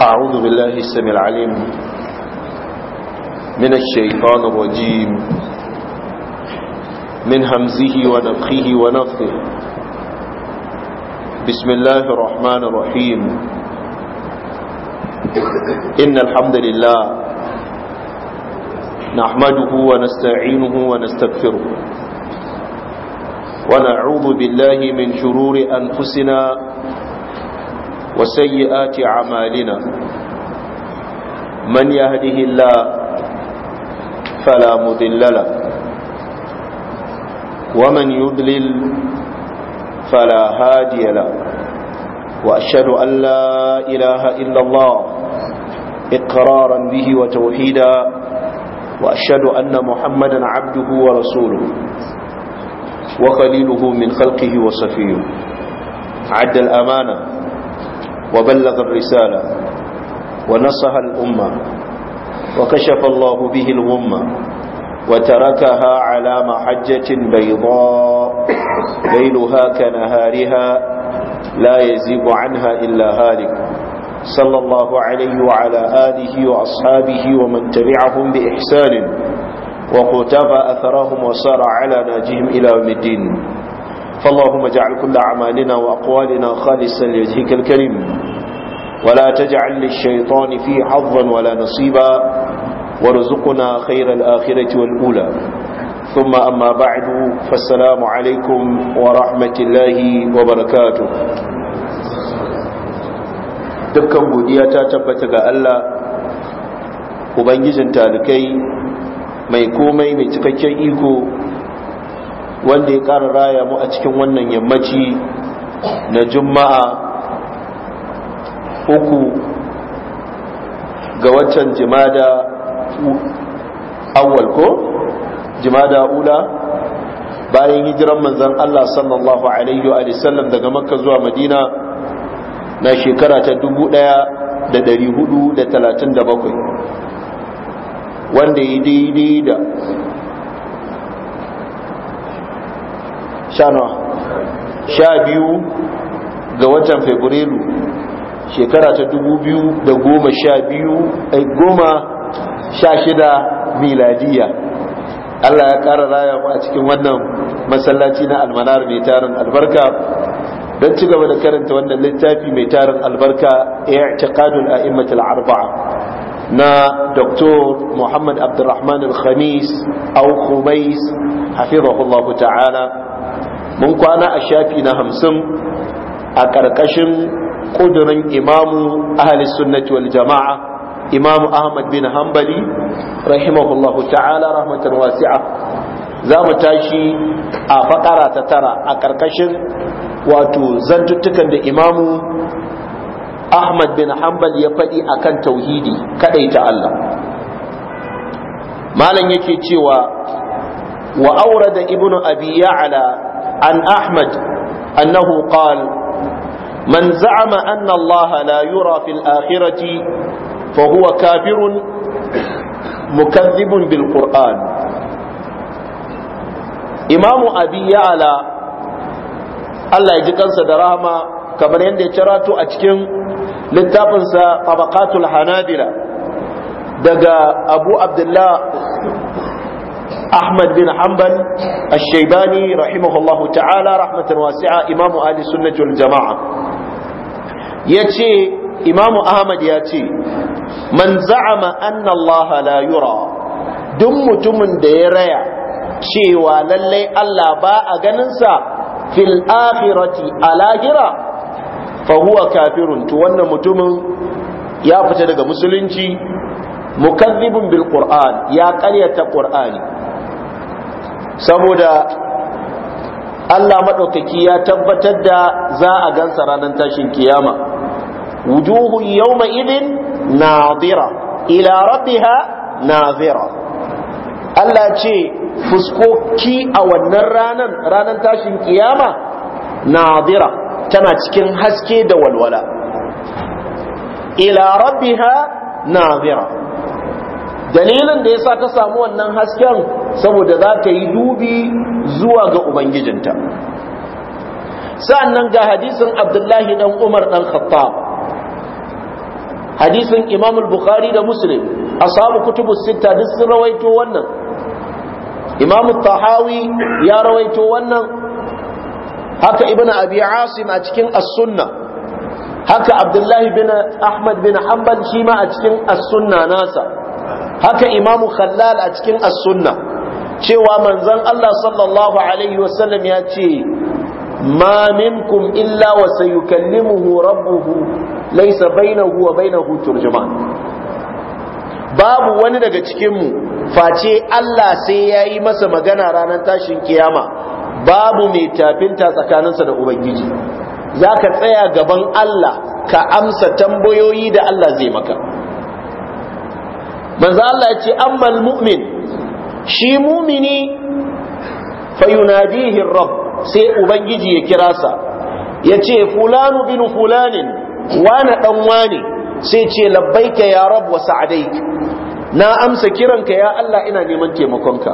أعوذ بالله السميع العليم من الشيطان الرجيم من همزه ونفخه ونفخه بسم الله الرحمن الرحيم إن الحمد لله نحمده ونستعينه ونستغفره ونعوذ بالله من شرور أنفسنا وسيئات عمالنا من يهده الله فلا مضل له ومن يدلل فلا هادي له وأشهد أن لا إله إلا الله إقرارا به وتوحيدا وأشهد أن محمدا عبده ورسوله وخليله من خلقه وصفيه عد الأمانة وبلغ الرسالة ونصح الأمة وكشف الله به الغمة وتركها على محجة بيضاء ليلها كنهارها لا يزيب عنها إلا هالك صلى الله عليه وعلى آله وأصحابه ومن تبعهم بإحسان وقتب أثرهم وصار على ناجهم إلى يوم الدين فاللهم اجعل كل أعمالنا وأقوالنا خالصا لوجهك الكريم ولا تجعل للشيطان فيه حظا ولا نصيبا وارزقنا خير الآخرة والأولى ثم أما بعد فالسلام عليكم ورحمة الله وبركاته dukkan godiya ta tabbata ga Allah ubangijin talikai mai komai mai cikakken iko wanda ya ƙara raya mu a cikin wannan yammaci na juma'a uku ga waccan jimada awwal ko jimada ula bayan hijiran manzan Allah sallallahu alaihi wa sallam daga makka zuwa madina na shekara ta 1437 wanda ya daidai da sha sha biyu ga watan fabrairu shekara ta dubu biyu da goma sha biyu eh, goma sha shida miladiya Allah ya ƙara raya mu a cikin wannan masallaci na almanar mai tarin albarka don ci gaba da karanta wannan littafi mai tarin albarka ya a a'immatul arba'a na Dr. Muhammad Abdulrahman Al-Khamis au Khumais hafizahullahu ta'ala mun kwana a shafi na hamsin a ƙarƙashin ƙudurin imamu ahalis sunnati wal jama'a imamu ahmad bin hanbali rahimahullahu ta'ala rahmatan wasi'a za mu tashi a faƙara ta tara a ƙarƙashin wato zantuttukan da imamu ahmad bin hambal ya faɗi akan tauhidi kaɗai ta Allah malam yake cewa wa da ibnu abi ya'la عن أحمد أنه قال من زعم أن الله لا يرى في الآخرة فهو كافر مكذب بالقرآن إمام أبي يعلى الله يجيكن صدرهما كما يندي شراتو أتكن للتابنس طبقات الحنابلة دقى أبو عبد الله Ahmad bin Hanbal Ash-Shaybani rahimahullahu ta'ala rahmatan wasi'a imamu Ali sunnati wal jama'a yace imamu Ahmad yace man za'ama anna Allah la duk mutumin da ya raya cewa lallai Allah ba a ganinsa fil akhirati a lahira fa kafirun to wannan mutumin ya fita daga musulunci mukazzibun bil qur'an ya ƙaryata qur'ani saboda Allah maɗaukaki ya tabbatar da za a gansa ranar tashin kiyama wujuhun yauma idin nadira ila rabbiha nadira Allah ce fuskoki a wannan ranar ranar tashin kiyama nazira tana cikin haske da walwala ila rabbiha nadira dalilin da yasa ta samu wannan hasken saboda za ta yi dubi zuwa ga ubangijinta sa'annan ga hadisin abdullahi ɗan umar ɗan khattab hadisin imamul bukhari da muslim ashabu kutubu sita duk sun rawaito wannan Imamul tahawi ya rawaito wannan haka Ibn abi asim a cikin as-sunna haka abdullahi bin ahmad bin hanbal shi ma a cikin as-sunna nasa haka imamu khallal a cikin as-sunna cewa manzan Allah sallallahu alaihi wasallam ya ce ma minkum illa wa sayukallimuhu rabbuhu laysa bainahu wa bainahu turjuman babu wani daga cikinmu face Allah sai ya yi masa magana ranar tashin kiyama babu mai tafinta tsakaninsa da ubangiji za ka tsaya gaban Allah ka amsa tambayoyi da Allah zai maka Manzan Allah ya ce ammal mu'min shi mumini fayunadihi rabb sai ubangiji ya kira sa ya ce fulanu bin fulanin wani dan wani sai ce labbaika ya rabb wa sa'adai na amsa kiranka ya Allah ina neman taimakonka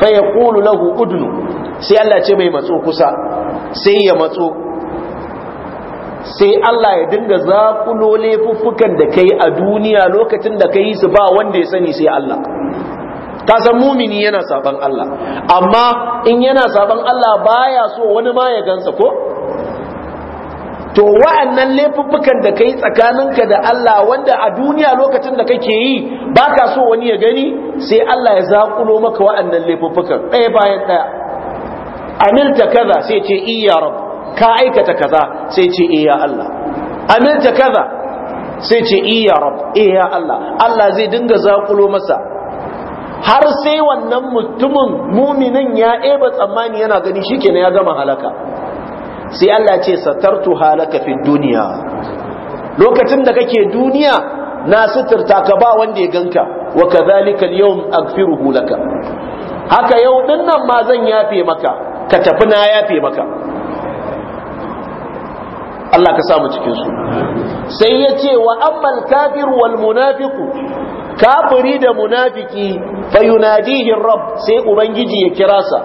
fa yaqulu lahu udnu sai Allah ce mai matso kusa sai ya matso sai Allah ya dinga zakulo lefuffukan da kai a duniya lokacin da kai su ba wanda ya sani sai Allah ka san mumini yana saban Allah amma in yana saban Allah baya so wani ma ya gansa ko to wa'annan laifuffukan da kai tsakaninka da Allah wanda a duniya lokacin da kake yi baka so wani ya gani sai Allah ya zakulo maka wa'annan laifuffukan ɗaya bayan ɗaya amilta kaza sai ce iya rab ka aikata kaza sai ce iya eh, Allah amilta kaza sai ce iya rab iya eh, Allah Allah zai dinga zakulo masa har sai wannan mutumin muminin ya eba tsammani yana gani ne ya gama halaka sai Allah ce satartu halaka fi duniya lokacin da kake duniya na suturta ka ba wanda ya ganka wa kadhalika al-yawm aghfiruhu laka haka yau dinnan ma zan yafe maka ka tafi na yafe maka Allah ka samu cikin su sai ya ce wa ammal kafir wal munafiku kafiri da munafiki fa yunadihi rabb sai ubangiji ya kira sa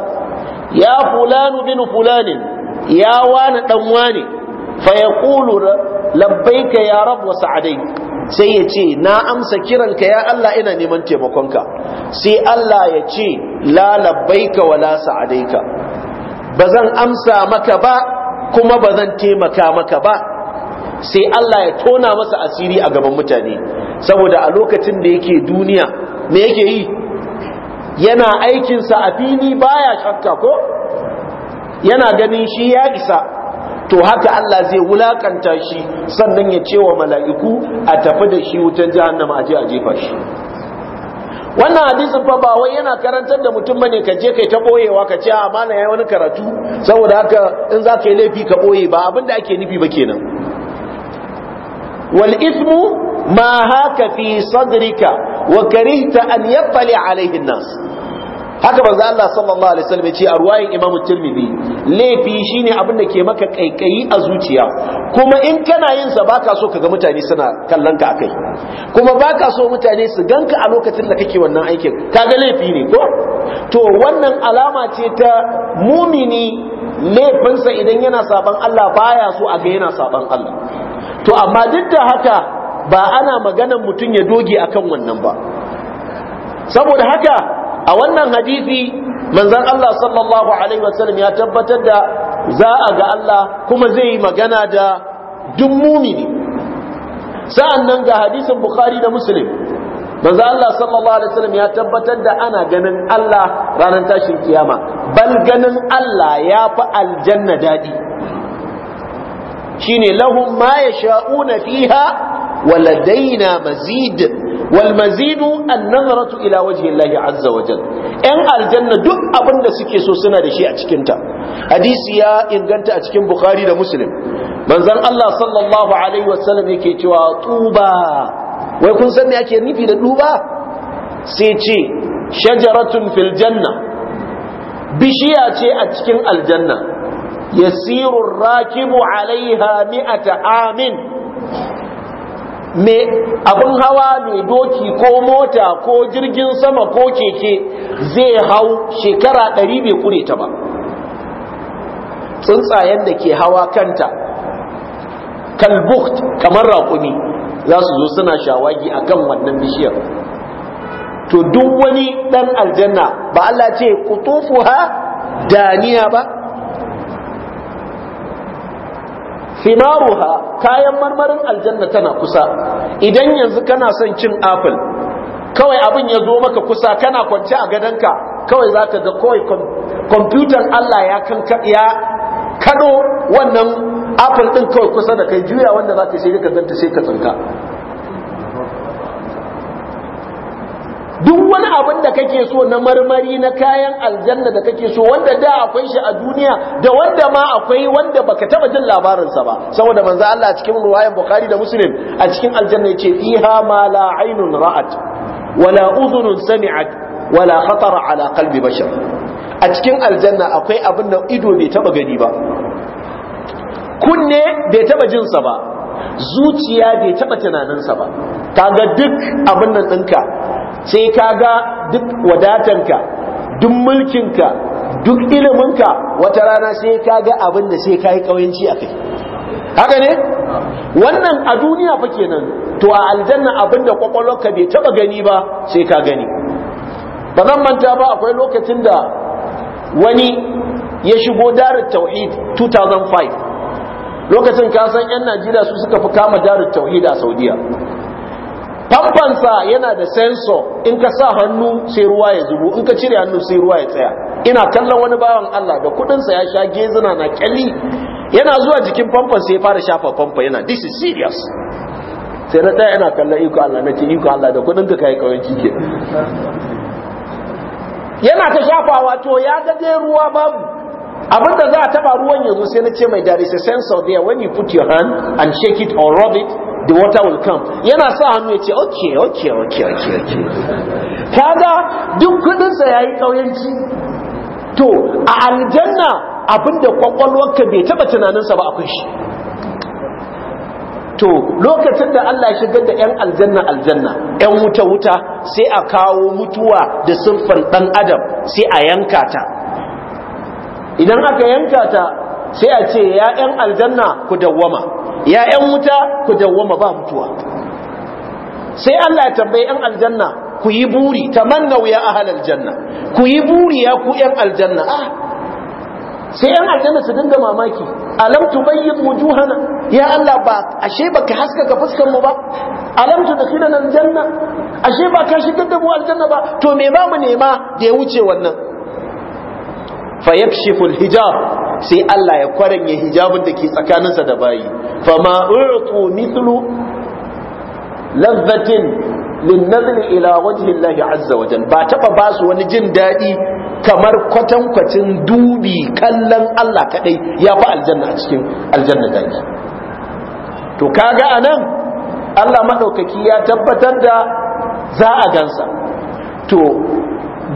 ya fulanu bin fulanin ya wani dan wani fa yaqulu labbaika ya rabb wa sa'adaik sai ya ce na amsa kiranka ya Allah ina neman taimakonka sai Allah ya ce la labbaika wala sa'adaika ba zan amsa maka ba kuma ba zan taimaka maka ba sai Allah ya tona masa asiri a gaban mutane saboda a lokacin da yake duniya me yake yi yana aikinsa a fili baya shakka ko yana ganin shi ya isa to haka Allah zai wulakanta shi sannan ya ce wa mala'iku a tafi da shi wutan jahannama aje je a jefa shi wannan hadisin fa ba wai yana karantar da mutum bane ka je kai ta boyewa ka ce a ah, mana yayi wani karatu saboda haka in za ka yi laifi ka boye ba abinda ake nufi ba kenan wal ismu ma haka fi sadrika wa karihta an yattali alaihi nas haka banza Allah sallallahu alaihi wasallam ce a ruwayin Imam Tirmidhi laifi shine abin da ke maka kaikayi a zuciya kuma in kana yin sa baka so kaga mutane suna kallon ka akai kuma baka so mutane su ganka a lokacin da kake wannan aikin kaga laifi ne ko to wannan alama ce ta mumini laifinsa idan yana saban Allah baya so a ga yana saban Allah to amma duk da haka ba ana maganan mutum ya doge akan wannan ba saboda haka a wannan hadisi manzon Allah sallallahu alaihi wasallam ya tabbatar da za a ga Allah kuma zai yi magana da duk mumini nan ga hadisin Bukhari da Muslim manzon Allah sallallahu alaihi wasallam ya tabbatar da ana ganin Allah ranar tashin kiyama bal ganin Allah ya fi aljanna dadi shine lahun ma yasha'una fiha wa ladaina mazid wal mazidu an ila wajhi Allah azza yan aljanna duk abin da suke so suna da shi a cikinta. hadisi ya inganta a cikin bukhari da muslim manzon Allah sallallahu alaihi wasallam yake cewa tuba wai kun san me ake nufi da duba sai ce shajaratun filjanna. bishiya ce a cikin aljanna Yasirun rakibu alaiha mi'ata amin me abin hawa mai doki ko mota ko jirgin sama ko keke zai hau shekara ɗari bai kure ta ba tsuntsayen da ke hawa kanta kalbukt kamar raƙumi za su zo suna shawagi a kan wannan bishiyar to duk wani ɗan aljanna ba Allah ce ha daniya ba thimaruha kayan marmarin aljanna tana kusa idan yanzu kana son cin apple kawai abin ya zo maka kusa kana kwance a gadonka kawai za ka ga kawai kwamfutar Allah ya ya kado wannan apple ɗin kawai kusa da kai juya wanda ka sai ka ganta sai ka tsanka duk wani abin da kake so na marmari na kayan aljanna da kake so wanda da akwai shi a duniya da wanda ma akwai wanda baka taba jin labarinsa ba saboda manzo Allah a cikin ruwayan Bukhari da Muslim a cikin aljanna yace fiha ma la aynun ra'at wala udhunun sami'at wala khatara ala qalbi bashar a cikin aljanna akwai abin da ido bai taba gani ba kunne bai taba jinsa ba zuciya bai taba sa ba kaga duk abin nan ɗinka sai ka ga duk wadatanka duk mulkinka duk iliminka wata rana sai ka ga abin da sai ka yi ƙauyanci a kai haka ne wannan a duniya fa kenan to a aljanna abin da kwakwalwarka bai taba gani ba sai ka gani ba zan manta ba akwai lokacin da wani ya shigo darar tauhid 2005 lokacin kasan 'yan najeriya su suka fi kama darar tauhid a saudiya famfansa yana da sensor in ka sa hannu sai ruwa ya zubo in ka cire hannu sai ruwa ya tsaya ina kallon wani bawan Allah da kudinsa ya sha gezina na kyalli yana zuwa jikin famfan sai ya fara shafa famfa yana this is serious sai na ɗaya ina kallon iko Allah na ce iko Allah da kudin ka kai kawai kike yana ta shafawa to ya ga dai ruwa babu abin da za a taba ruwan yanzu sai na ce mai dare sai sensor there when you put your hand and shake it or rub it the water will come yana sa hannu ya ce okay okay okay okay Ta kaga duk kudinsa ya yi kauyanci to a aljanna abinda kwakwalwarka bai taba tunaninsa ba akwai shi to lokacin da Allah ya shigar da 'yan aljanna aljanna 'yan wuta wuta sai a kawo mutuwa da siffar ɗan adam sai a yanka ta idan aka yanka ta sai a ce ya 'yan aljanna ku dawwama ya ‘yan wuta ku dawwama ba mutuwa sai Allah ya tambaye ‘yan aljanna ku yi buri ta tamannau a ahal janna, ku yi buri ya ku ‘yan aljanna ah sai ‘yan aljanna su dinga mamaki alam tubayyin wujuhana ya Allah ba ashe ba baka haskaka fuskar mu ba alam tudkhilana aljanna ashe ba ka shigar da mu aljanna ba to me ba mu nema da ya wuce wannan fayakshifu hijab sai Allah ya kwaranye hijabun da ke tsakaninsa da bayi fama u'tu mithlu lazzatin nazl ila wajhi Allah azza wa ba taba basu wani jin dadi kamar kwatankwacin dubi kallon Allah kadai ya fa aljanna a cikin aljanna dai to kaga anan Allah madaukaki ya tabbatar da za a gansa to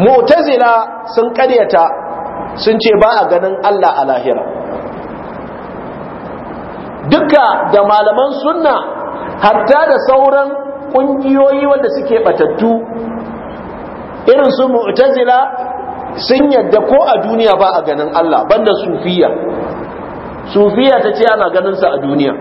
mu'tazila sun karyata sun ce ba a ganin Allah a lahira duka da malaman sunna hatta da sauran ƙungiyoyi wanda suke batattu irin su mu'tazila sun yadda ko a duniya ba a ganin Allah banda sufiya sufiya ta ce ana ganinsa a duniya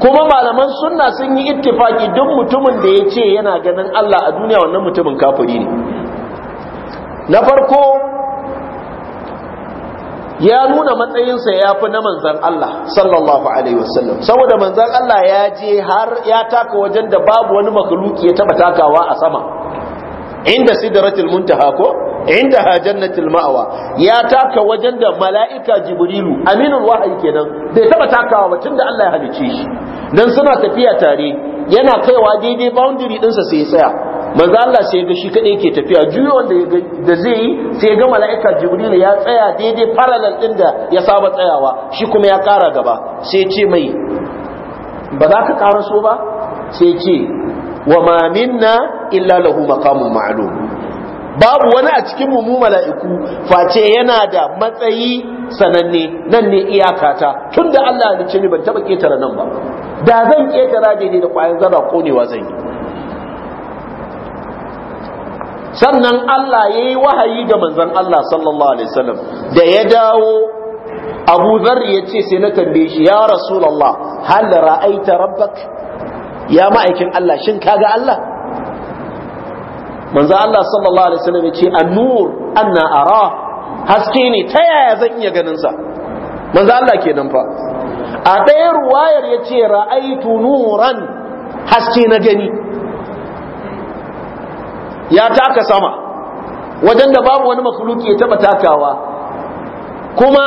kuma malaman sunna sun yi ittifaki duk mutumin da ya ce yana ganin Allah a duniya wannan mutumin kafiri ne na farko ya nuna matsayinsa ya fi na manzan Allah sallallahu alaihi wasallam saboda manzan Allah ya je har ya taka wajen da babu wani makaluki ya taba takawa a sama inda sidratul muntaha ko inda ha jannatul ma'awa ya taka wajen da mala'ika jibrilu aminul wahayi kenan bai taba takawa ba tunda Allah ya halicce shi dan suna tafiya tare yana kaiwa daidai boundary dinsa sai ya tsaya manzo Allah sai ga shi kadai yake tafiya juyo da da zai yi sai ga mala'ika jibril ya tsaya daidai parallel din da ya saba tsayawa shi kuma ya kara gaba sai ce mai ba za ka so ba sai ce wa ma minna illa lahu maqamun ma'lum babu wani a cikin mu mala'iku face yana da matsayi sananne nan ne iyakata tunda Allah ya ce ni ban taba ketara nan ba da zan ketara daidai da kwayan zara konewa zan yi sannan Allah ya yi wahayi ga manzon Allah sallallahu alaihi wasallam da ya dawo Abu Dharr ya ce sai na tambaye shi ya Rasulullah hal ra'aita rabbak ya ma'aikin Allah shin kaga Allah manzon Allah sallallahu alaihi wasallam ya ce an-nur anna ara haske ne ta yaya zan iya ganin sa manzon Allah kenan fa a ɗaya ruwayar ya ce ra'aitu nuran haske na gani ya taka sama wajen da babu wani makhluki ya taba takawa kuma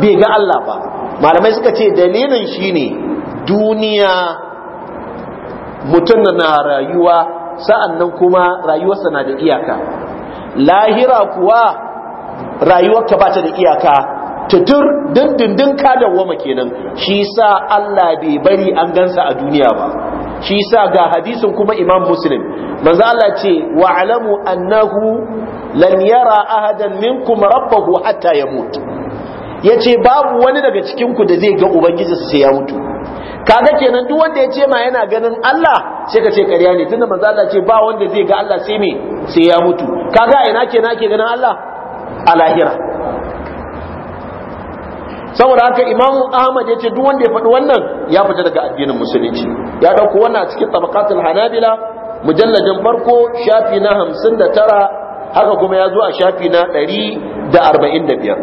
bai ga Allah ba malamai suka ce dalilin shine duniya mutum na rayuwa sa'an nan kuma rayuwarsa na da iyaka lahira kuwa rayuwarka ba ta da iyaka tutur dindindin ka wama kenan shi sa Allah bai bari an gansa a duniya ba shi sa ga hadisin kuma Imam Muslim manzo Allah ce wa alamu annahu lan yara ahadan minkum rabbahu hatta yamut yace babu wani daga cikin ku da zai ga ubangiji sai ya mutu kaga kenan duk wanda ya ce ma yana ganin Allah sai ka ce ƙarya ne tunda manzo Allah ce ba wanda zai ga Allah sai me sai ya mutu kaga ina kenan ake ganin Allah a lahira saboda haka Imam Ahmad ya ce duk wanda ya faɗi wannan ya fita daga addinin musulunci ya ɗauko wannan a cikin tabaqatul hanabila mujalladin farko shafi na hamsin da tara haka kuma ya zo a shafi na ɗari da arba'in da biyar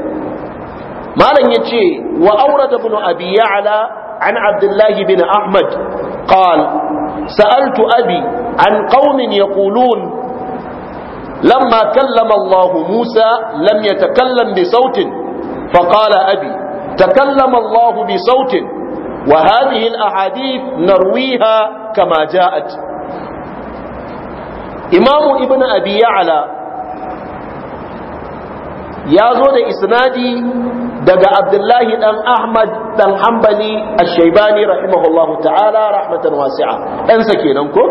malam ya ce wa aure da bunu abi ya'ala an abdullahi bin ahmad qal sa'altu abi an qaumin yaqulun لما كلم الله موسى لم يتكلم بصوت فقال أبي تكلم الله بصوت وهذه الأحاديث نرويها كما جاءت imamu ibn abi ya'la ya zo da isnadi daga abdullahi dan ahmad dan hanbali ash-shaybani rahimahullahu ta'ala rahmatan wasi'a dan sa kenan ko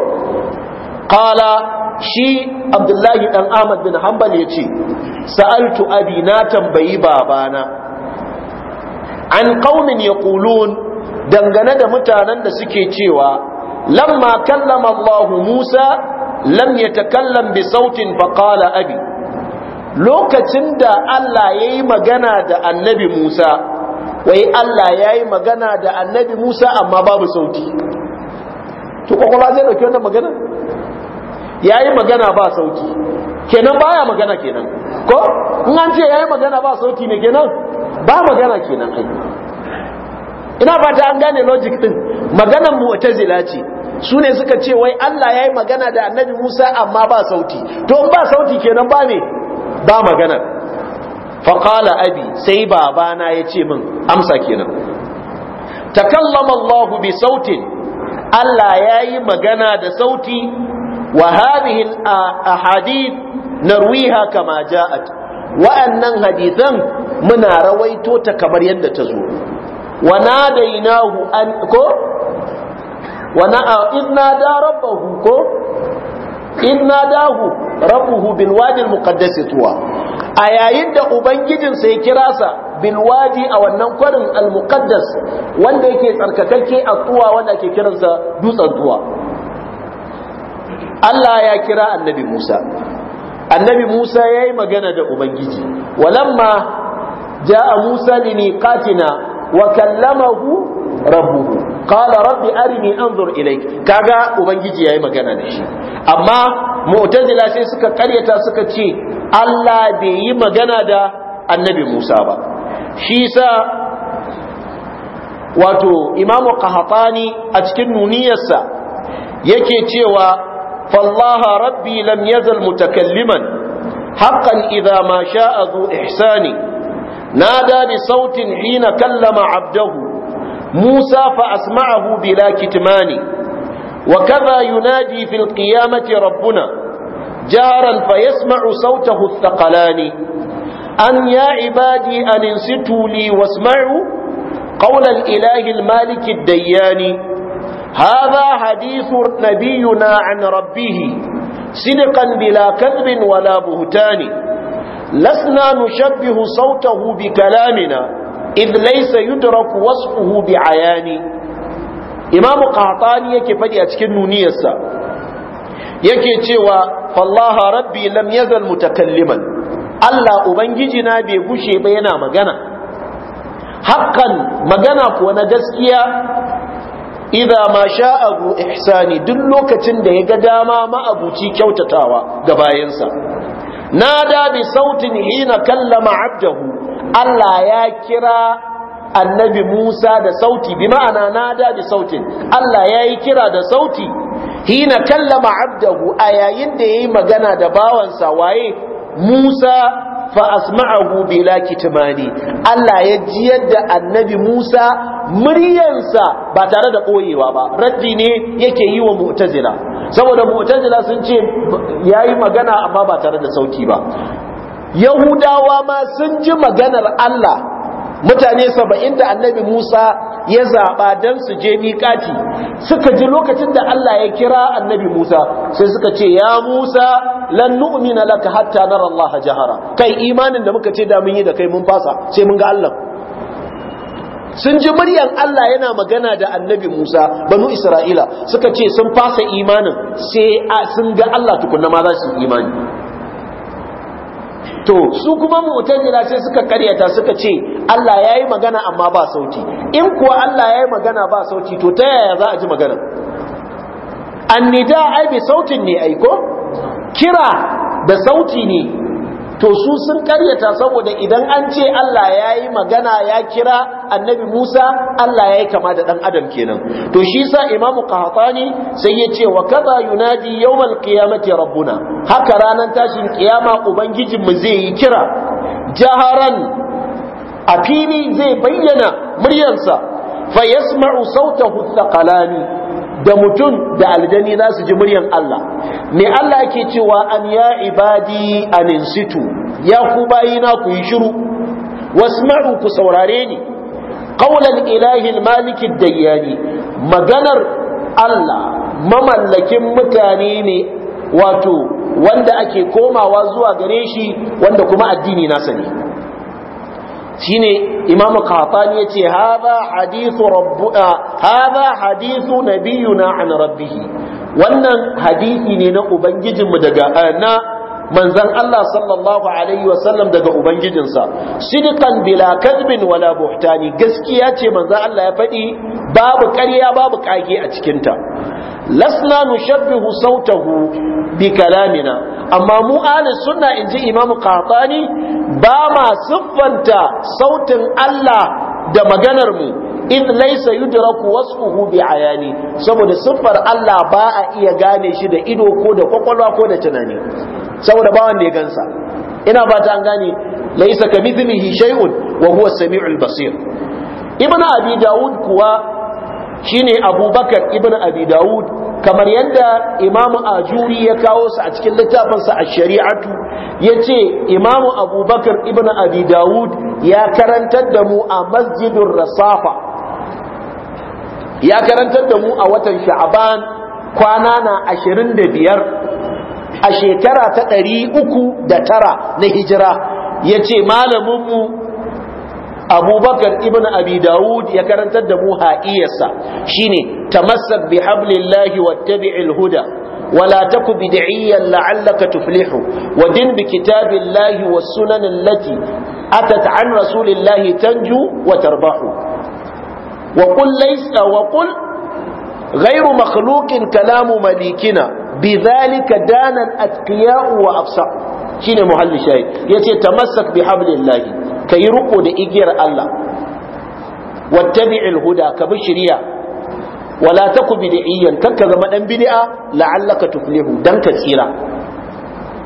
qala shi abdullahi dan ahmad bin ya yace sa'altu abi na tambayi babana an qaumin yaqulun dangane da mutanen da suke cewa lamma kallama Allah Musa lam takallam bi sautin fa qala abi lokacin da Allah yayi magana da annabi Musa wai Allah yayi magana da annabi Musa amma babu sauti to kokola zai dauki wannan magana yayi magana ba sauti kenan baya magana kenan ko in an ce yayi magana ba sauti ne kenan ba magana kenan ai ina fata an gane logic din maganar zila ce su ne suka ce wai Allah ya yi magana da annabi Musa amma ba sauti to in ba sauti kenan ba ne ba magana. faƙala abi sai babana ya ce min amsa kenan takallamallahu Allah bi sautin Allah ya yi magana da sauti wa hadhihi ahadith narwiha kama ja'at wa'annan hadithan muna rawaito ta kamar yadda ta zo wa nadainahu an ko wani a idna da ko dahu rabbuhu bil wadi mukaddasi tuwa a yayin da ubangijinsa ya kira sa bil wadi a wannan kwarin al muqaddas wanda yake tsarkakakke a tuwa wanda ake kiransa dutsen tuwa Allah ya kira annabi Musa annabi Musa ya yi magana da Ubangiji walamma ja'a Musa limiqatina wa kallamahu rabbuhu qala rabbi arini anzur ilayk kaga ubangiji yayi magana da shi amma mu'tazila sai suka karyata suka ce Allah bai yi magana da annabi Musa ba shi sa wato imamu qahtani a cikin nuniyarsa yake cewa fallaha rabbi lam yazal mutakalliman حقا إذا ما شاء ذو إحسان نادى بصوت حين كلم عبده موسى فأسمعه بلا كتمان وكذا ينادي في القيامة ربنا جارا فيسمع صوته الثقلان أن يا عبادي أن انصتوا لي واسمعوا قول الإله المالك الديان هذا حديث نبينا عن ربه صدقا بلا كذب ولا بهتان لسنا نشبه صوته بكلامنا idh laysa yudraku wasfuhu bi ayani imam qatani yake faɗi a cikin duniyarsa. yake cewa fallaha rabbi lam yazal mutakalliman Allah ubangiji na bai gushe ba yana magana hakan magana kuwa na gaskiya Iza ma sha'ahu ihsani duk lokacin da ya ga dama ma'abuci kyautatawa ga bayansa nada bi sautin hina kallama abdahu Allah ya kira annabi Musa da sauti bi ma'ana nada bi sautin Allah ya yi kira da sauti hina kallama abdahu a yayin da ya yi magana da bawansa waye Musa fa asma'ahu bila kitmani Allah ya jiyar da annabi Musa muryansa ba tare da koyewa ba raddi ne yake yi wa mu'tazila saboda mu'tazila sun ce yayi magana amma ba tare da sauti ba yahudawa ma sun ji maganar Allah mutane saba'in da annabi Musa ya zaɓa don su je miƙati suka ji lokacin da Allah ya kira annabi Musa sai suka ce ya Musa lan nu'mina laka hatta nara Allah jahara kai imanin da muka ce da mun yi da kai mun fasa sai mun ga Allah sun ji muryan Allah yana magana da annabi Musa banu Isra'ila suka ce sun fasa imanin sai sun ga Allah tukunna ma za su imani to su kuma mu'tazila sai suka karyata suka ce Allah ya yi magana amma ba sauti in kuwa Allah ya yi magana ba sauti to ta yaya za a ji magana annida ai bi sautin ne aiko? kira da sauti ne to su sun karyata saboda idan an ce Allah ya yi magana ya kira annabi Musa Allah ya yi kama da ɗan adam kenan to shi sa imamu qahtani sai ya ce wa kaza yunadi yawmal qiyamati rabbuna haka ranar tashin kiyama ubangijinmu zai yi kira jaharan a fili zai bayyana muryarsa fa yasma'u sautahu thaqalani da mutum da aljani za su ji muryan Allah me Allah yake cewa an ya ibadi an insitu ya ku bayina ku yi shiru wasma'u ku saurare ni qawlan ilahi al-maliki dayyani maganar Allah mamallakin mutane ne wato wanda ake komawa zuwa gare shi wanda kuma addini nasa ne shine imamu qatani yace hadha hadithu rabbu ah, hadha hadithu nabiyuna an rabbih wannan hadisi ne na ubangijinmu daga ah, na manzon Allah sallallahu alaihi wasallam daga ubangijinsa sidqan bila kasbin wala buhtani gaskiya ce manzon Allah ya faɗi babu ƙarya babu kage a cikin ta lasna nushabbihu sautahu bi kalamina amma mu ahli sunna inji imam qatani ba ma siffanta sautin Allah da maganar mu in laisa yudraku wasfuhu bi ayani saboda siffar Allah ba a iya gane shi da ido ko da kwakwalwa ko da tunani saboda ba wanda ya gansa ina ba ta an gane ka mithlihi shay'un wa huwa samiul basir ibn abi daud kuwa shine abubakar ibn abi daud kamar yadda Imam ajuri ya kawo su a cikin sa a shari'atu ya ce abubakar ibn abi dawud ya karantar da mu a masjidin rasafa ya karantar da mu a watan sha'aban kwana na ashirin da biyar a shekara ta ɗari uku da tara na hijira ya ce malaminmu abubakar ibn abi dawud ya karantar da mu ha'iyarsa shine tamassak bi hablillahi wattabi'il huda wala taku bid'iyyan la'allaka tuflihu wa din bi kitabillahi was sunan allati atat an rasulillahi tanju wa tarbahu وقل ليس وقل غير مخلوق كلام مليكنا بذلك دان الأتقياء وأبصع شين محل شاهد يتي تمسك بحبل الله كي رقو لإجير الله واتبع الهدى كبشريا ولا تكو بدعيا ككذا من أنبدع لعلك تفلح دنك سيرا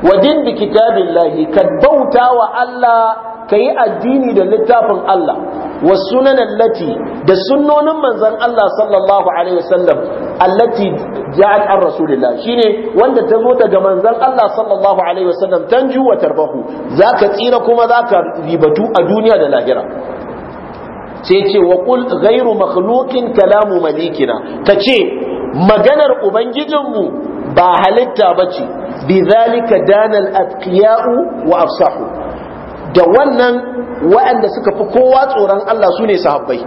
ودين بكتاب الله كدبوتا وألا ka yi addini da littafin Allah wa sunan da sunnonin manzan Allah sallallahu alaihi wasallam allati ja'at an rasulillah shine wanda ta zo daga manzon Allah sallallahu alaihi wasallam tanju wa tarbahu zaka tsira kuma zaka ribatu a duniya da lahira sai ce wa qul ghairu makhluqin kalamu malikina ce maganar ubangijinmu ba halitta bace bi zalika danal atqiya'u wa afsahu da wannan waɗanda suka fi kowa tsoron Allah su ne sahabbai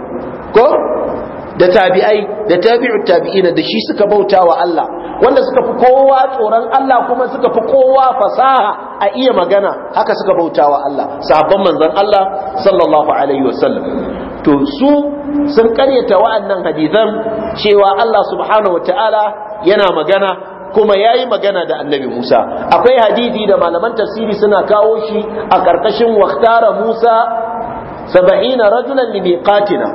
ko da tabi'ai da tabi'u tabi'ina da shi suka bauta wa Allah wanda suka fi kowa tsoron Allah kuma suka fi kowa fasaha a iya magana haka suka bauta wa Allah sahabban manzon Allah sallallahu alaihi wasallam to su sun karyata wa'annan hadizan cewa Allah subhanahu wataala yana magana kuma yayi magana da annabi Musa akwai hadisi da malaman tafsiri suna kawo shi a ƙarƙashin waqtara Musa Saba'ina rajulan li miqatina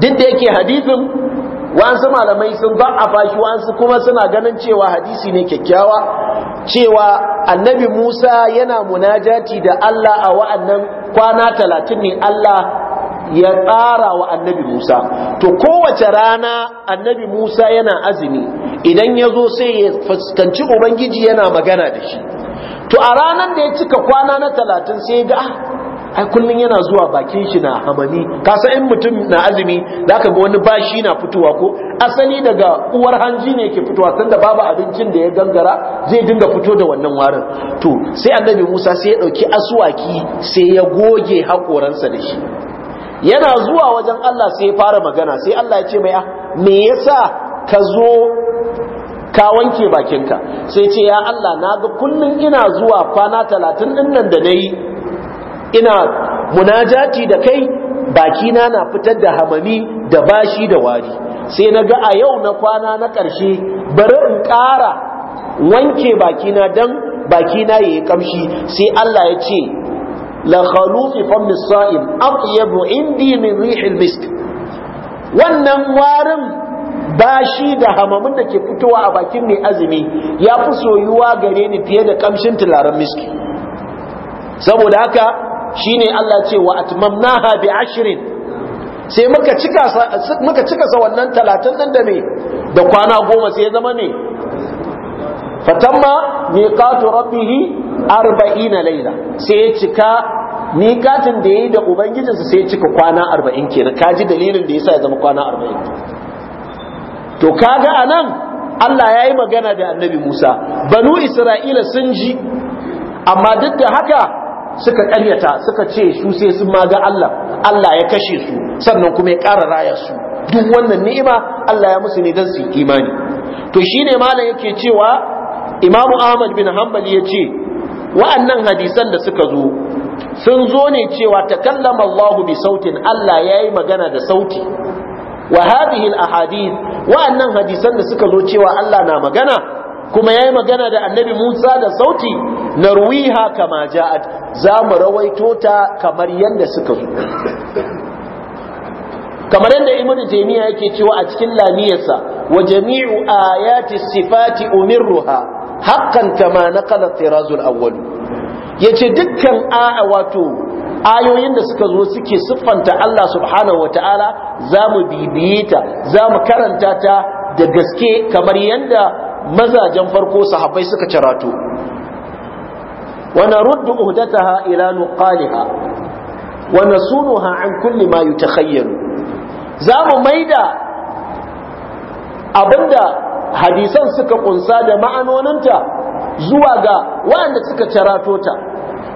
duk da yake hadisin wasu malamai sun a fashi wasu kuma suna ganin cewa hadisi ne kyakkyawa cewa annabi Musa yana munajati da Allah a wa'annan kwana talatin ne Allah ya tsara wa annabi Musa to kowace rana annabi Musa yana azumi idan ya zo sai ya fuskanci ubangiji yana magana da shi to a ranar da ya cika kwana na talatin sai ga ah, ai kullum yana zuwa bakin shi na hamami kasa in mutum na azumi da aka ga wani bashi na fitowa ko asali daga uwar hanji ne ke fitowa da babu abincin da ya gangara zai dinga fito da wannan warin to sai annabi Musa sai ya ɗauki asuwaki sai ya goge hakoransa da shi yana zuwa wajen Allah sai ya fara magana sai Allah ya ce mai ah, me yasa ka zo ka wanke bakinka sai ce ya Allah na ga kullum ina zuwa kwana talatin ɗinnan da na yi ina munajati da kai bakina na fitar da hamami da bashi da wari sai na ga a yau na kwana na ƙarshe bari in ƙara wanke bakina don bakina ya yi ƙamshi sai Allah ya ce la khaluqi fammi sa'im atyabu indi min rihil wannan warin bashi da hamamin da ke fitowa a bakin mai azumi ya fi soyuwa gare ni fiye da kamshin tularen miski saboda haka shine Allah ce wa atmamnaha bi ashrin sai muka cika muka cika sa wannan 30 din da me da kwana goma sai ya zama ne fatamma miqatu rabbih 40 layla sai ya cika Ni katin da yayi da ubangijinsa sai cika kwana 40 kenan kaji dalilin da yasa ya zama kwana arba'in. to kaga anan Allah ya yi magana da Annabi Musa banu Isra'ila sun ji amma duk da haka suka karyata, suka ce su sai sun ma ga Allah Allah ya kashe su sannan kuma ya ƙara raya su duk wannan ni'ima Allah ya musu ne don su imani to shine malam yake cewa Imam Ahmad bin Hanbali ya ce wa'annan hadisan da suka zo sun zo ne cewa takallama Allahu bi sautin Allah yayi magana da sauti wa hadhihi al-ahadith wa'annan hadisan da suka zo cewa Allah na magana kuma yayi magana da Annabi Musa da sauti narwiha kama ja'at za mu rawaito ta kamar yanda suka zo kamar yadda ibnu taymiya yake cewa a cikin laniyarsa wa jami'u ayati sifati umirruha haqqan kama naqala tirazul awwal ya ce dukkan a wato ayoyin da suka zo suke siffanta Allah subhanahu wata'ala za mu bibiye ta za mu karanta ta da gaske kamar yadda mazajen farko sahabbai suka carato wa naruddu uhdataha ila nuqaliha wa nasunuha an kulli ma yutakhayyaru za mu maida abinda hadisan suka kunsa da ma'anoninta zuwa ga waɗanda suka carato ta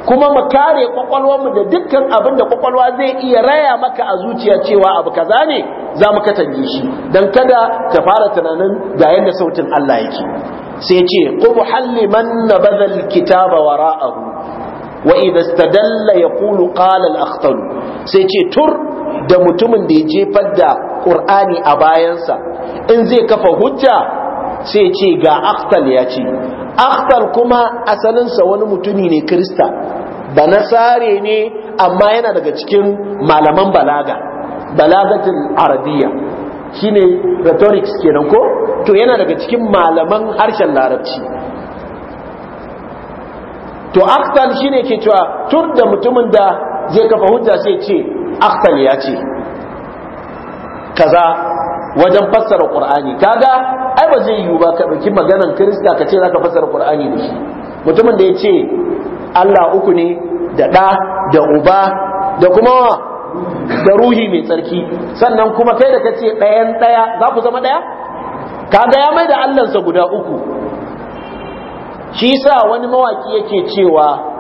kuma mu kare mu da dukkan abin da kwakwalwa zai iya raya maka a zuciya cewa abu kaza ne za mu katange shi don kada ta fara tunanin ga yadda sautin Allah yake sai ce qubu halliman nabadha alkitaba wara'ahu wa idha istadalla ya qala al-akhtal sai ce tur da mutumin da ya jefar da ƙur'ani a bayansa in zai kafa hujja sai ce ga aktal ya ce aktal kuma asalinsa wani mutumi ne krista ba nasare ne amma yana daga cikin malaman balaga balagatin arabiya shine rhetorics kenan ko to yana daga cikin malaman harshen larabci to akhtal shine ke cewa tur da mutumin da zai kafa hujja sai ce aktal ya ce kaza wajen fassara qur'ani kaga ai ba zai yiwu ba ka dauki maganan kirista ka ce zaka fassara qur'ani da shi mutumin da yace ce Allah uku ne da ɗa da uba da kuma da ruhi mai tsarki sannan kuma kai da kace ɗayan ɗaya za ku zama ɗaya kaga ya mai da sa guda uku shi sa wani mawaki yake cewa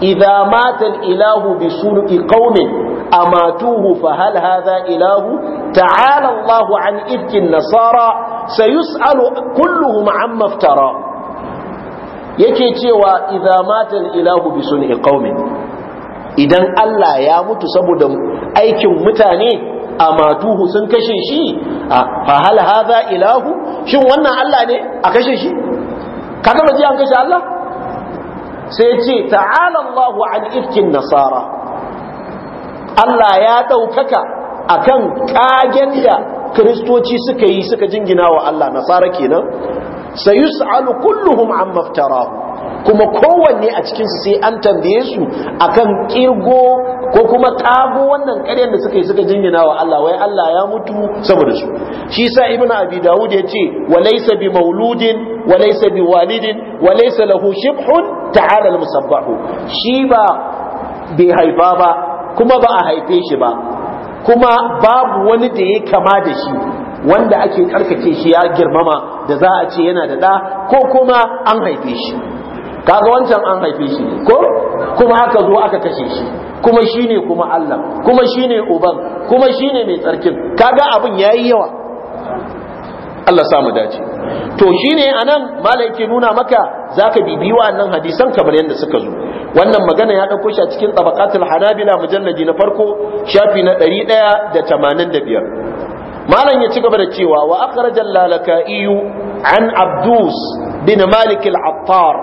ilahu ilahu الإله qaumin amatuhu fa hal hadha ilahu. ta'ala Allah an nasara sayus'alu kulluhum amma iftara yake cewa idza mata al-ilahu bi sun'i qaumin idan Allah ya mutu saboda aikin mutane amatuhu sun kashe shi hal hadha ilahu shin wannan Allah ne a kashe shi kaga ba ji an kashe Allah sai ce an nasara Allah ya ɗaukaka. akan kagen da kiristoci suka yi suka jingina wa Allah nasara kenan sayus'alu kulluhum amma iftarahu kuma kowanne a cikinsu sai an tambaye su akan kirgo ko kuma kago wannan ƙaryar da suka yi suka jingina wa Allah wai Allah ya mutu saboda su shi sa ibnu abi dawud yace wa laysa bi mauludin wa laysa bi walidin wa laysa lahu shibhun ta'ala al musabbahu shi ba bai haifa ba kuma ba a haife shi ba kuma babu wani da ya kama da shi wanda ake karkace shi ya girmama da za a ce yana da ɗa ko kuma an haife shi kaga wancan an haife shi ne ko kuma haka zo aka kashe shi kuma shine kuma Allah kuma shine uban kuma shine mai tsarkin kaga abin yayi yawa Allah samu dace to shine anan malai nuna maka zaka bibiyi wa'annan hadisan kamar yadda suka zo wannan magana ya ɗauko shi a cikin tabaqatul hanabila mujallaji na farko shafi na 185 malam ya ci gaba da cewa wa akhrajal lalaka'iyu an abdus bin malik al-attar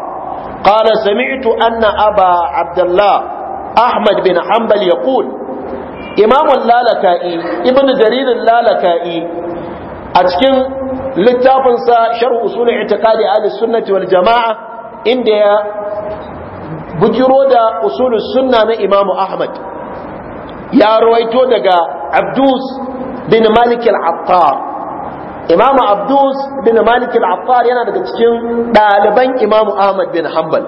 qala sami'tu anna aba abdullah ahmad bin hanbal yaqul imam al-lalaka'i ibn jarir al-lalaka'i a cikin littafinsa sharhu usulun itikadi ahli sunnati wal jama'a inda ya bujiro da usulun sunna na Imam Ahmad ya ruwaito daga Abdus bin Malik al-Attar Imam Abdus bin Malik al-Attar yana daga cikin ɗaliban Imam Ahmad bin Hanbal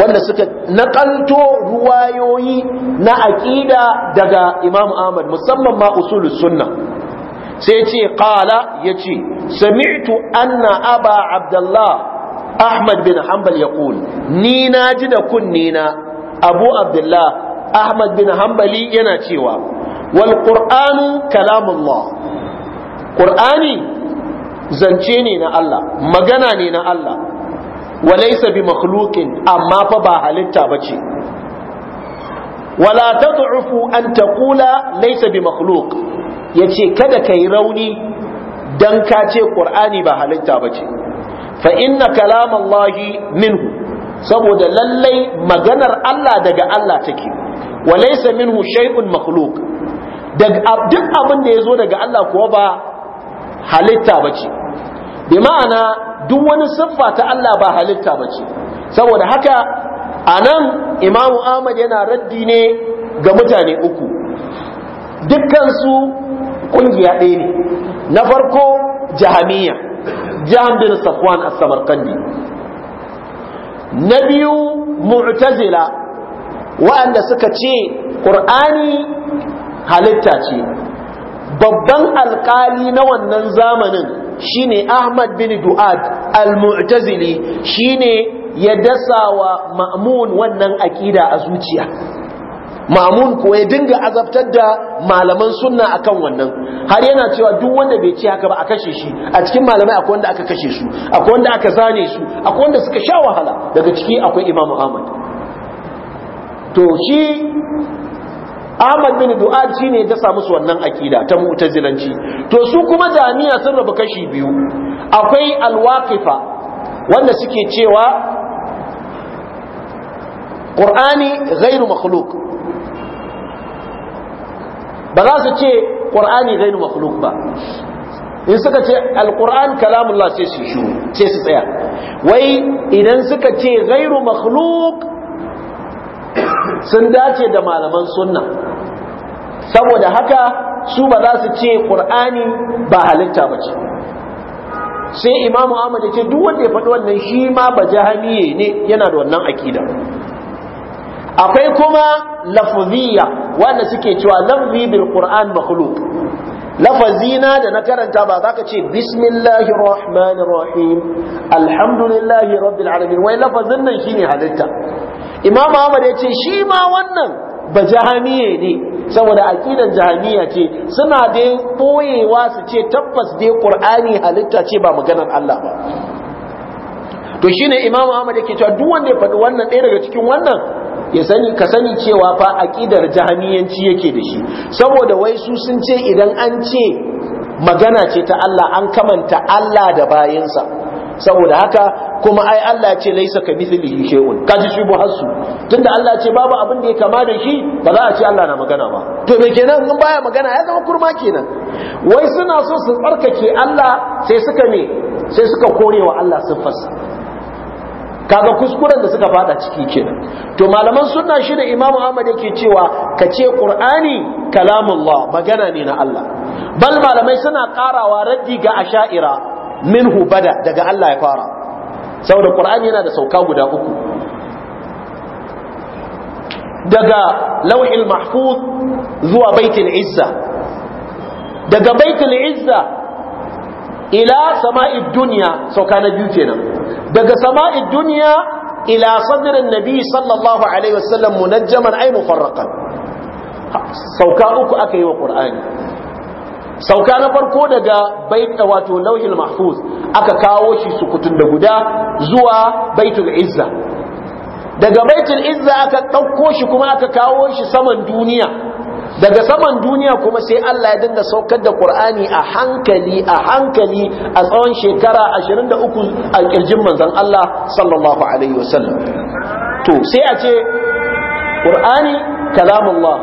wanda suka naƙalto ruwayoyi na aƙida daga Imam Ahmad musamman ma usulun sunna sai ce ya ce sami'tu anna aba abdullah ahmad bin hanbal yaqul ni na ji da kunni na abu abdullah ahmad bin hanbali yana cewa wal qur'anu kalamullah qur'ani zance ne na Allah magana ne na Allah walaysa bi makhluqin amma fa ba halitta bace wala tad'ufu an taqula laysa bi makhluq ya ce kada ka yi rauni don ka ce ƙur'ani ba halitta ba ce fa inna kalamallahi minhu saboda lallai maganar Allah daga Allah take wa minhu shay'un makhluk duk abin da zo daga Allah kuwa ba halitta bace bi ma'ana duk wani siffa ta Allah ba halitta bace saboda haka a nan imamu Ahmad yana raddi ne ga mutane uku dukkan su kungiya ɗaya ne na farko jahamiya jaham bin safwan a samarkandi na biyu mu'tazila waɗanda suka ce ƙur'ani halitta ce babban alƙali na wannan zamanin shine Ahmad bin Du'ad al-Mu'tazili shine ya dasa wa ma'amun wannan aƙida a zuciya ma'amun ko ya dinga azabtar da malaman sunna akan wannan har yana cewa duk wanda bai ci haka ba a kashe shi a cikin malamai akwai wanda aka kashe su akwai wanda aka zane su akwai wanda suka sha wahala daga ciki akwai imamu ahmad to shi Ahmad bin Du'ad shine ya samu su wannan akida ta mu'tazilanci to su kuma jami'a sun rabu kashi biyu akwai alwaqifa wanda suke cewa Qur'ani ghairu makhluq ba za su ce ƙur'ani ghairu makuluk ba in suka ce Alƙur'an kalamullah sai su shuru sai su tsaya wai idan suka ce zairu makhluk sun dace da malaman sunna saboda haka su ba za su ce ƙur'ani ba halitta ba ce sai imamu ahmad ya ce duk wanda ya faɗi wannan shi ma ba jahamiye ne yana da wannan akida akwai kuma lafaziya wanda suke cewa lafzi bil qur'an makhluq lafazina da na karanta ba za ce bismillahi rahmanir rahim alhamdulillahi rabbil alamin wai lafazin nan shine halitta imam ahmad ya ce shi ma wannan ba jahamiye ne saboda aqidan jahamiya ce suna dai boyewa su ce tabbas dai qur'ani halitta ce ba maganar Allah ba to shine imam ahmad yake cewa duk wanda ya faɗi wannan ɗaya daga cikin wannan ya sani ka sani cewa fa aqidar jahamiyanci yake da shi saboda wai su sun ce idan an ce magana ce ta Allah an kamanta Allah da bayansa. saboda haka kuma ai Allah ce laisa ka mithli shay'un kaji shi hasu. tunda Allah ce babu abin da ya kama da shi ba za a ce Allah na magana ba to me kenan in baya magana ya zama kurma kenan wai suna so su tsarkake Allah sai suka me sai suka korewa Allah siffarsa kaga kuskuren da suka fada ciki kenan to malaman sunna shi imam ahmad yake cewa ka ce qur'ani kalamullah magana ne na Allah bal malamai suna karawa raddi ga asha'ira minhu bada daga Allah ya fara saboda qur'ani yana da sauka guda uku daga lauhil mahfuz zuwa baitul izza daga baitul izza ila sama'id dunya sauka na biyu kenan daga sama'in duniya ila sadrin nabi sallallahu alaihi wasallam munajjaman ay mufarraqan sauka uku aka yi wa qur'ani sauka na farko daga bait wato lauhil mahfuz aka kawo shi sukutun da guda zuwa baitul izza daga baitul izza aka ɗauko shi kuma aka kawo shi saman duniya daga saman duniya kuma sai Allah ya dinga saukar da Qur'ani a hankali a hankali a tsawon shekara 23 a kirjin manzon Allah sallallahu alaihi wasallam to sai a ce Qur'ani kalamullah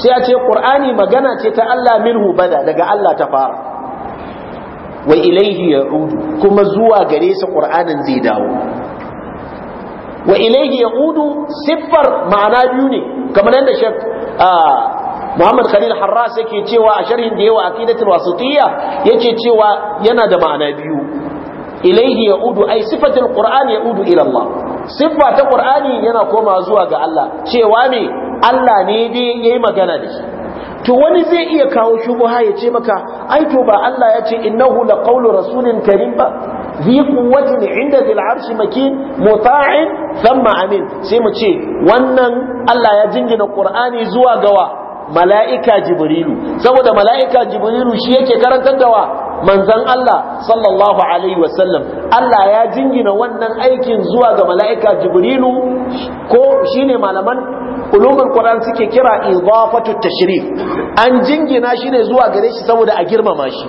sai a ce Qur'ani magana ce ta Allah minhu bada daga Allah ta fara wa ilaihi ya'udu kuma zuwa gare sa qur'anin zai dawo wa ilaihi ya'udu siffar ma'ana biyu ne kamar yadda shek ah, Muhammad Khalil Harras yake cewa a sharhin da yawa aqidatul wasitiyya yake cewa yana da ma'ana biyu ilaihi udu ai sifatul qur'an ya'udu ila Allah siffa ta qur'ani yana koma zuwa ga Allah cewa ne Allah ne dai yayi magana da shi to wani zai iya kawo ha ya ce maka aito ba Allah ya ce innahu la qawlu rasulin karim ba zai kuwaji ne inda zai arshi maki mota'in zama amin sai mu ce wannan Allah ya jingina ƙur'ani zuwa gawa mala'ika jibrilu saboda mala'ika jibrilu shi yake karantar da wa manzon Allah sallallahu alaihi wasallam Allah ya jingina wannan aikin zuwa ga mala'ika jibrilu ko shine malaman ulumul qur'an suke kira idafatu tashrif an jingina shi ne zuwa gare shi saboda a girmama shi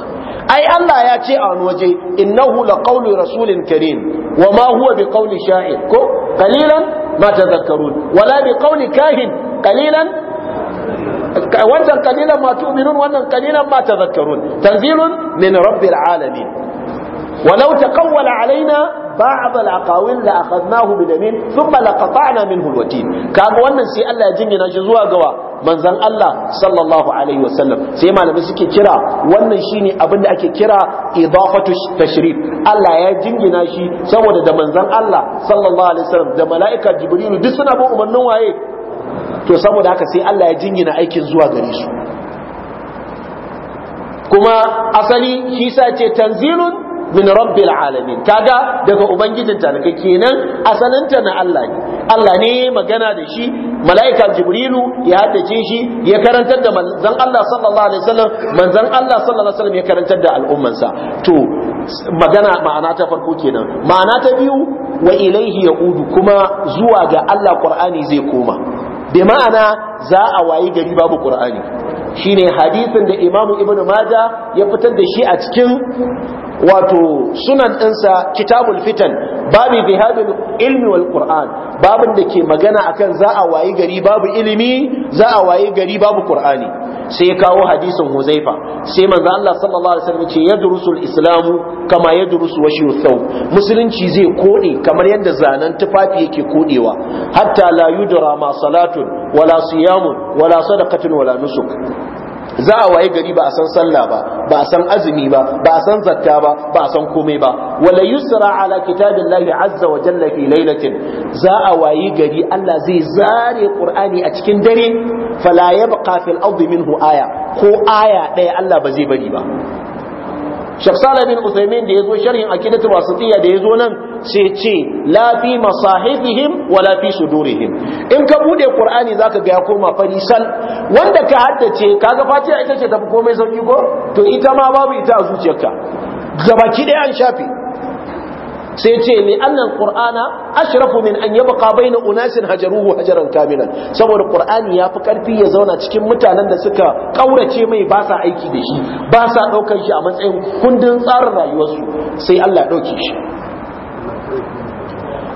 ai Allah ya ce a wani waje innahu laqawlu rasulin karim wama huwa biqawli sha'ir ko qalilan ma tadhakkarun wala biqawli kahin qalilan wannan qalilan ma tu'minun wannan qalilan ma tadhakkarun tanzilun min rabbil alamin ولو تقول علينا ba'd al-aqawil la akhadnahu bi yamin thumma laqata'na kaga wannan sai Allah ya jingina shi zuwa gawa manzon Allah sallallahu alaihi wasallam sai malamai suke kira wannan shine abin da ake kira idafatu tashrif Allah ya jingina shi saboda da manzon Allah sallallahu alaihi wasallam da mala'ika jibrilu duk suna bin umarnin waye to saboda haka sai Allah ya jingina aikin zuwa gare su kuma asali shi sa ce tanzilun min rabbil alamin kaga daga ubangijin talaka kenan asalinta na Allah ne Allah ne magana da shi mala'ika jibrilu ya haddace shi ya karantar da manzon Allah sallallahu alaihi wasallam manzon Allah sallallahu alaihi wasallam ya karantar da al'ummansa to magana ma'ana ta farko kenan ma'ana ta biyu wa ilaihi yaudu kuma zuwa ga Allah Qur'ani zai koma bi ma'ana za a wayi gari babu Qur'ani shine hadisin da Imamu ibnu Majah ya fitar da shi a cikin wato sunan ɗinsa kitabul fitan babu bihadul ilmi wal qur'an babin da ke magana akan za a wayi gari babu ilimi za a wayi gari babu qur'ani sai kawo hadisin huzaifa sai manzo Allah sallallahu alaihi wasallam ce yadrusul islamu kama yadrusu washu thaw musulunci zai kode kamar yadda zanen tufafi yake kodewa hatta la yudra ma salatun wala siyamun wala sadaqatun wala nusuk za a waye gari ba a san sallah ba ba a san azumi ba ba a san zakka ba ba a san komai ba wala yusra ala kitabillahi azza wa jalla fi lailatin za a waye gari Allah zai zare qur'ani a cikin dare fala yabqa fil ardi minhu aya ko aya ɗaya Allah ba zai bari ba Shaksala bin Usaimin da ya zo sharhin akidatul wasatiyya da ya zo nan sai ce la fi masahifihim wa la fi sudurihim in ka bude qur'ani zaka ga ya koma sal wanda ka haddace kaga fatiha ita ce tafi komai sauki ko to ita ma babu ita a zuciyarka gabaki dai an shafe sai ce ne annan qur'ana ashrafu min an yabqa baina unasin hajaruhu hajaran kamila saboda qur'ani fi karfi ya zauna cikin mutanen da suka kaurace mai ba sa aiki da shi ba sa daukar shi a matsayin kundin tsarin rayuwarsu sai Allah ya dauke shi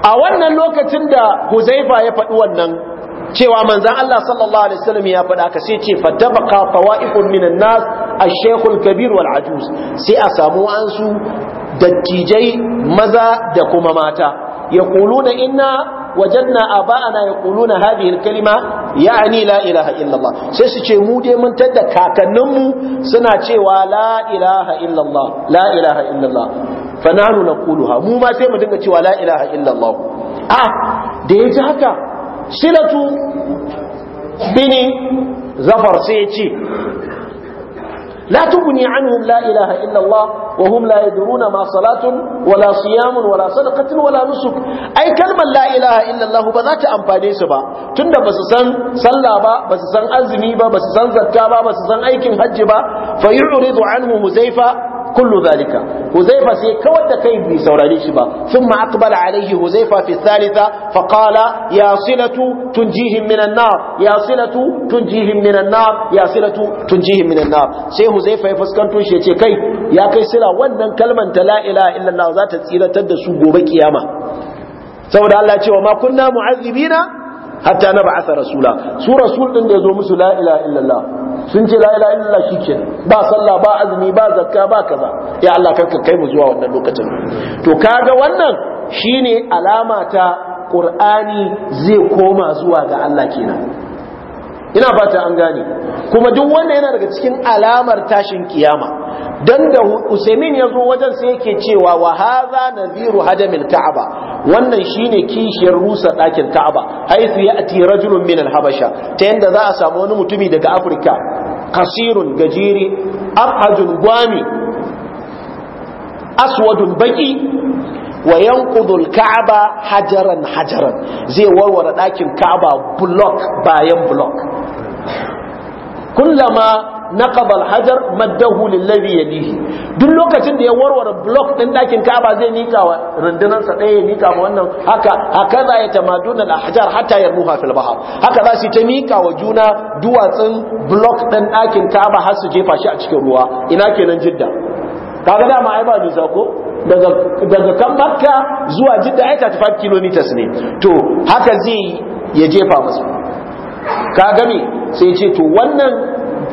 a wannan lokacin da huzaifa ya faɗi wannan cewa manzan Allah sallallahu alaihi wasallam ya faɗa ka sai ce fatabaqa fawa'iqun minan nas ash-shaykh kabir wal ajuz sai a samu ansu dattijai maza da kuma mata yaquluna inna وجدنا آباءنا يقولون هذه الكلمة يعني لا إله إلا الله سيسي مو دي من تدى كاكنمو سنة لا إله إلا الله لا إله إلا illallah. Fananu na kuluha mu ma sai mu dinga cewa la ilaha illallah a da yaji haka silatu bini zafar sai ya ce la tubni anhum la ilaha illallah wa hum la yadruna ma salatun wala siyamun wala sadaqatun wala nusuk ai kalmar la ilaha illallah ba za ta amfane su ba tunda ba su san sallah ba ba su san azumi ba ba su san zakka ba ba su san aikin hajji ba fa yu'ridu anhum huzaifa kullu zalika huzaifa sai kawar da kai bai saurare shi ba thumma aqbala alaihi huzaifa fi thalitha fa qala ya silatu tunjihim minan nar ya silatu tunjihim minan nar ya silatu tunjihim minan nar sai huzaifa ya fuskanto shi yace kai ya kai sila wannan kalman ta la ilaha illallah za ta tsiratar da su gobe kiyama saboda Allah ya ce wa ma kunna mu'azzibina hatta na ba'asa rasula su rasul din da ya zo musu la ilaha illallah sun ce la ilaha illallah shike ba sallah ba azumi ba zakka ba kaza ya Allah karka kai mu zuwa wannan lokacin to kaga wannan shine alama ta qur'ani zai koma zuwa ga Allah kenan ina fata an gane kuma duk wanda yana daga cikin alamar tashin kiyama dan da Usaimin yazo wajen sai yake cewa wa hadha nadhiru hadamil ka'aba wannan shine kishiyar rusa dakin ka'aba haythu ya'ti rajulun min al-habasha ta yanda za a samu wani mutumi daga afrika kasirun gajiri abhajun gwami aswadun baki wa yanqudul ka'aba hajaran hajaran zai warware dakin ka'aba block bayan block kullama naqaba al-hajar maddahu lillazi yadihi duk lokacin da ya warware block din dakin Ka'aba zai mika wa rundunar sa ɗaya ya mika ma wannan haka haka za ya tamaduna al-ahjar hatta yarmuha fil bahr haka za su ta mika wa juna duwatsun block din dakin Ka'aba har su jefa shi a cikin ruwa ina kenan Jidda kaga dama ai ba nisa ko daga daga kan Makka zuwa Jidda ai 35 kilometers ne to haka zai ya jefa musu kaga sai ce to wannan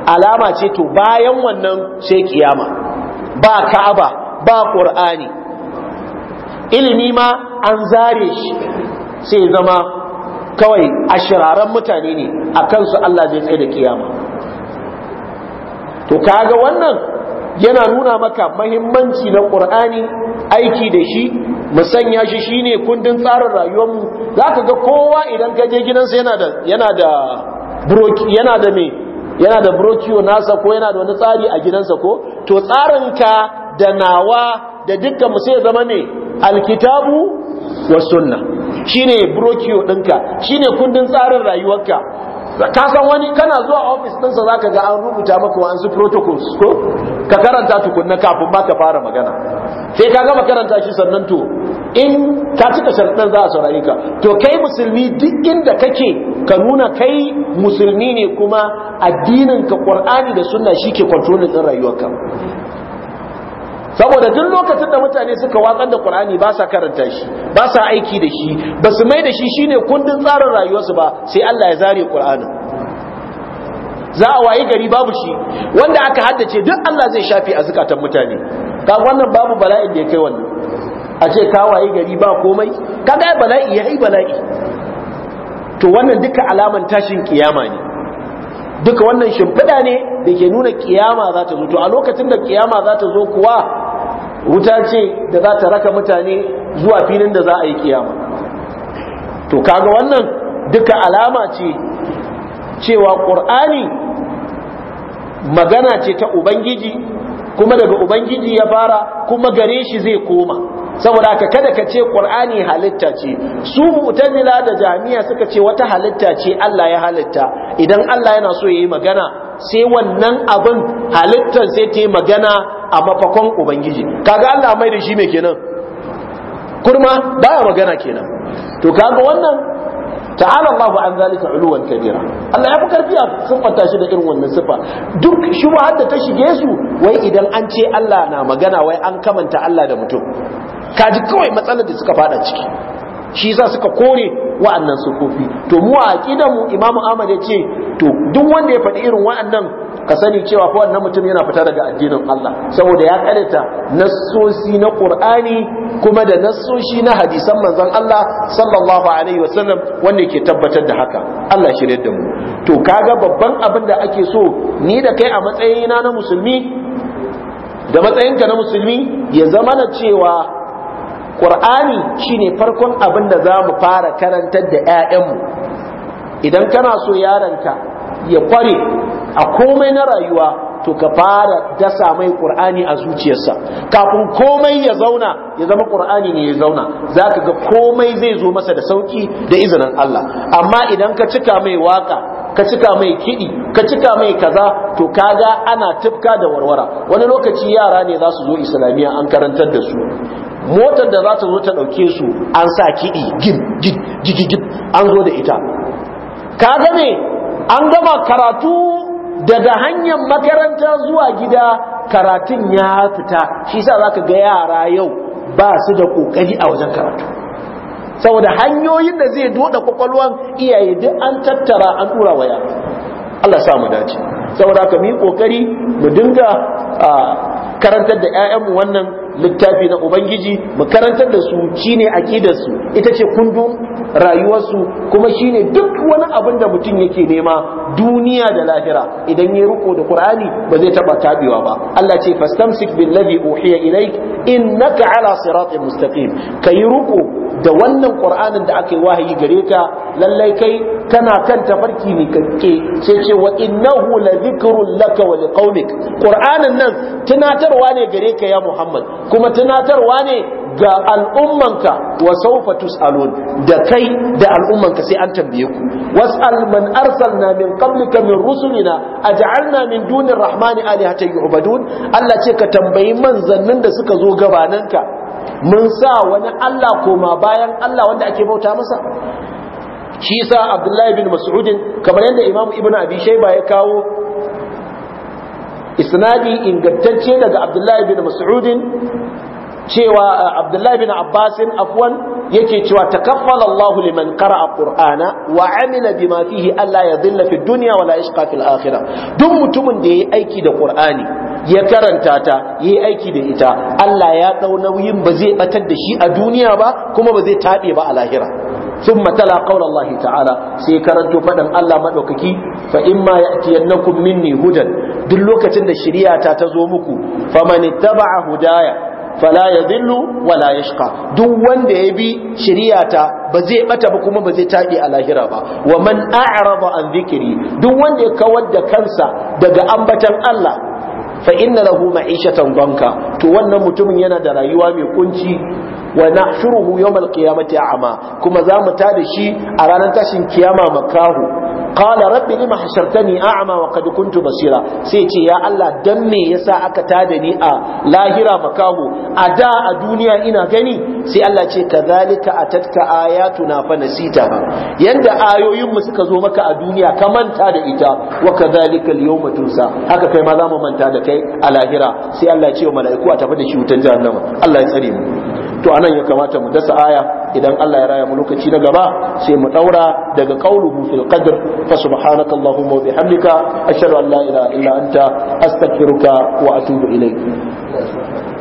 alama ce to bayan wannan sai kiyama ba ka'aba ba qur'ani ilimi ma an zare shi sai zama kawai ashiraran mutane ne a kansu Allah zai tsaye da kiyama to kaga wannan yana nuna maka mahimmanci na ƙur'ani aiki da shi mu sanya shi shine kundin tsarin rayuwarmu za ka ga kowa idan ka je gidansa yana da yana da me yana da nasa ko yana da wani tsari a gidansa ko to tsarinka da nawa da dukkan mu sai zama me alkitabu wa sunna shine brochure dinka shine kundin tsarin rayuwarka ka san wani kana zuwa ofis ɗinsa za ka ga an rubuta maka wa'ansu protocols ko ka karanta tukunna kafin ba ka fara magana sai ka gama karanta shi sannan to in ka cika sharɗin za a saurari ka to kai musulmi duk inda kake ka nuna kai musulmi ne kuma addinin ka qur'ani da sunna shike control din rayuwarka saboda duk lokacin da mutane suka watsar da Qur'ani ba sa karanta shi ba sa aiki da shi ba su mai da shi shine kundin tsarin rayuwarsu ba sai Allah ya zare Qur'ani za a wayi gari babu shi wanda aka haddace duk Allah zai shafi a zukatan mutane ka wannan babu bala'in da ya kai wannan a ce ka wayi gari ba komai kaga bala'i yayi bala'i to wannan duka alaman tashin kiyama ne duka wannan shimfiɗa ne da ke nuna kiyama za ta zo to a lokacin da kiyama za ta zo kuwa wuta ce da za ta raka mutane zuwa filin da za a yi kiyama to kaga wannan duka alama ce cewa ƙur'ani magana ce ta ubangiji kuma daga ubangiji ya fara kuma gare shi zai koma saboda haka kada ka ce qur'ani halitta ce su mu'tazila da jami'a suka ce wata halitta ce Allah ya halitta idan Allah yana so yayi magana sai wannan abin halittar sai ta yi magana a mafakon ubangiji kaga Allah mai da shi me kenan kurma baya magana kenan to kaga wannan ta'ala Allahu an zalika uluwan kabira Allah ya fi karfi a siffanta shi da irin wannan sifa duk shubhar da ta shige su wai idan an ce Allah na magana wai an kamanta Allah da mutum kaji kawai matsalar da suka fada ciki shi yasa suka kore wa'annan sukofi to mu a kidan mu Imam Ahmad yace to duk wanda ya faɗi irin wa'annan ka sani cewa fa wannan mutum yana fita daga addinin Allah saboda ya karanta nassosi na Qur'ani kuma da nassoshi na hadisan manzon Allah sallallahu alaihi wasallam wanda ke tabbatar da haka Allah shirye da mu to kaga babban abin da ake so ni da kai a matsayina na musulmi da matsayinka na musulmi ya zama na cewa ƙur'ani shine farkon abin da za mu fara karantar da 'ya'yanmu idan kana so yaranka ya kware a komai na rayuwa to ka fara dasa mai ƙur'ani a zuciyarsa kafin komai ya zauna ya zama ƙur'ani ne ya zauna za ka ga komai zai zo masa da sauki da izinin Allah amma idan ka cika mai waka ka cika mai kiɗi ka cika mai kaza to kaga ana tufka da warwara wani lokaci yara ne za su zo islamiyya an karantar da su motar da za ta zo ta ɗauke su an sa kiɗi gin gin an zo da ita ka gane an gama karatu daga hanyar makaranta zuwa gida karatun ya fita shi sa za ka ga yara yau ba su da ƙoƙari a wajen karatu saboda hanyoyin da zai doda kwakwalwan iyaye duk an tattara an tura waya Allah samu dace saboda ka mu kokari mu dinga karantar da 'ya'yanmu wannan littafi na ubangiji mu karantar da su shine akidar su ita ce kundin rayuwarsu, kuma shine duk wani abin da mutum yake nema duniya da lahira idan ya riko da qur'ani ba zai taba tabewa ba Allah ce fastamsik billazi uhiya ilaik innaka ala siratin mustaqim kai riko da wannan qur'anin da aka yi wahayi gare ka lallai kai kana kan tafarki ne kake sai ce wa innahu la dhikrun laka wa liqaumik qur'anin nan tunatarwa ne gare ka ya muhammad kuma tunatarwa ne ga al'ummanka wa sawfa tus'alun da kai da al'ummanka sai an tambaye ku was'al man arsalna min qablika min rusulina aj'alna min dunir rahmani alihatan yu'badun Allah ce ka tambayi manzannin da suka zo gabaninka mun sa wani Allah koma bayan Allah wanda ake bauta masa shi sa Abdullahi bin Mas'udin kamar yadda Imam Ibn Abi Shayba ya kawo isnadi ingantacce daga abdullahi bin mas'udin cewa eh, abdullahi bin abbasin afwan yake cewa takaffala Allah liman qara'a qur'ana wa amila bima fihi alla yadhilla fi dunya wala yashqa fil akhirah duk mutumin da yayi aiki da qur'ani ya karanta ta yayi aiki da ita Allah ya dau nauyin ba zai batar da shi a duniya ba kuma ba zai tabe ba a lahira ثم تلا قول الله تعالى سيكرت فدن الله مدوككي فإما يأتينكم مني هدى duk lokacin da shari'a ta ta zo muku faman ittaba'a hudaya fala yadhillu wala yashqa duk wanda ya bi shari'a ta ba zai bata ba kuma ba zai tabi a lahira ba wa man a'rada an zikiri. duk wanda ya kawar da kansa daga ambatan Allah fa inna lahu ma'ishatan banka to wannan mutumin yana da rayuwa mai kunci wa nahshuruhu yawmal qiyamati a'ma kuma za mu tada shi a ranar tashin kiyama makahu qala rabbi lima hashartani a'ma wa qad kuntu basira sai ce ya Allah dan me yasa aka tada ni a lahira makahu a da a duniya ina gani sai Allah ce kadhalika atatka ayatuna fa nasitaha yanda ayoyin mu suka zo maka a duniya ka manta da ita wa kadhalika al-yawma tunsa haka kai ma za mu manta da kai a lahira sai Allah ya ce wa mala'iku a tafi da shi wutan jahannama Allah ya tsare mu to anan ya kamata mu dasa aya idan Allah ya raya mu lokaci na gaba sai mu daura daga qauluhu fil qadr fa subhanaka allahumma wa bihamdika ashhadu an la ilaha illa anta astaghfiruka wa atubu ilayk